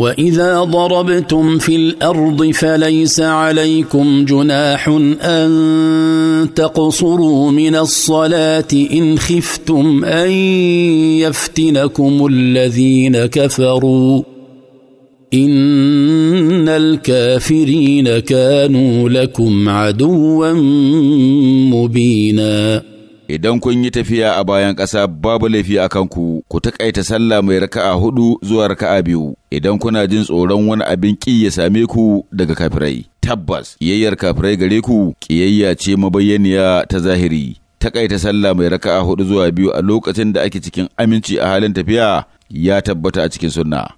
واذا ضربتم في الارض فليس عليكم جناح ان تقصروا من الصلاه ان خفتم ان يفتنكم الذين كفروا ان الكافرين كانوا لكم عدوا مبينا Idan kun yi tafiya a bayan ƙasa babu laifi a kanku, ku taƙaita sallah mai raka'a hudu zuwa raka'a biyu, idan kuna jin tsoron wani abin ƙi ya same ku daga kafirai. Tabbas, ƙiyayyar kafirai gare ku, ƙiyayya ce mabayyaniya ta zahiri. Taƙaita sallah mai raka'a hudu zuwa biyu a lokacin da ake cikin aminci a halin tafiya ya tabbata a cikin sunna.